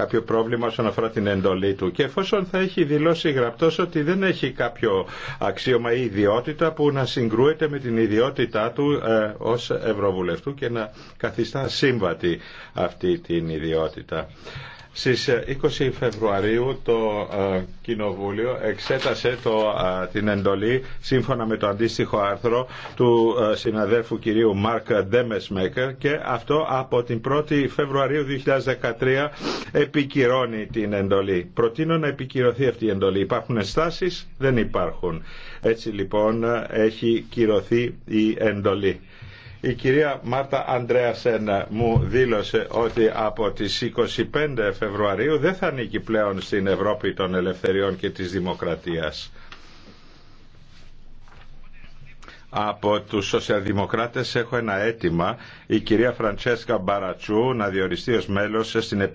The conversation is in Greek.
κάποιο πρόβλημα όσον αφορά την εντολή του. Και εφόσον θα έχει δηλώσει γραπτό, ότι δεν έχει κάποιο αξίωμα ή ιδιότητα που να συγκρούεται με την ιδιότητά του ε, ως Ευρωβουλευτού και να καθιστά σύμβατη αυτή την ιδιότητα. Στις 20 ε, Φεβρουαρίου το ε, Κοινοβούλιο εξέτασε το, ε, την εντολή σύμφωνα με το αντίστοιχο άρθρο του συναδέλφου κυρίου Μάρκ Ντέμεσμέκερ και αυτό από την 1η Φεβρουαρίου 2013 επικυρώνει την εντολή. Προτείνω να επικυρωθεί αυτή η εντολή. Υπάρχουν ενστάσεις? Δεν υπάρχουν. Έτσι λοιπόν έχει κυρωθεί η εντολη υπαρχουν στασεις δεν υπαρχουν ετσι λοιπον εχει κυρωθει η εντολη η κυρία Μάρτα Αντρέασεν μου δήλωσε ότι από τις 25 Φεβρουαρίου δεν θα ανήκει πλέον στην Ευρώπη των Ελευθεριών και της Δημοκρατίας. Από τους σοσιαλδημοκράτες έχω ένα αίτημα η κυρία Φραντσέσκα Μπαρατσού να διοριστεί ως μέλος στην Επιτροπή.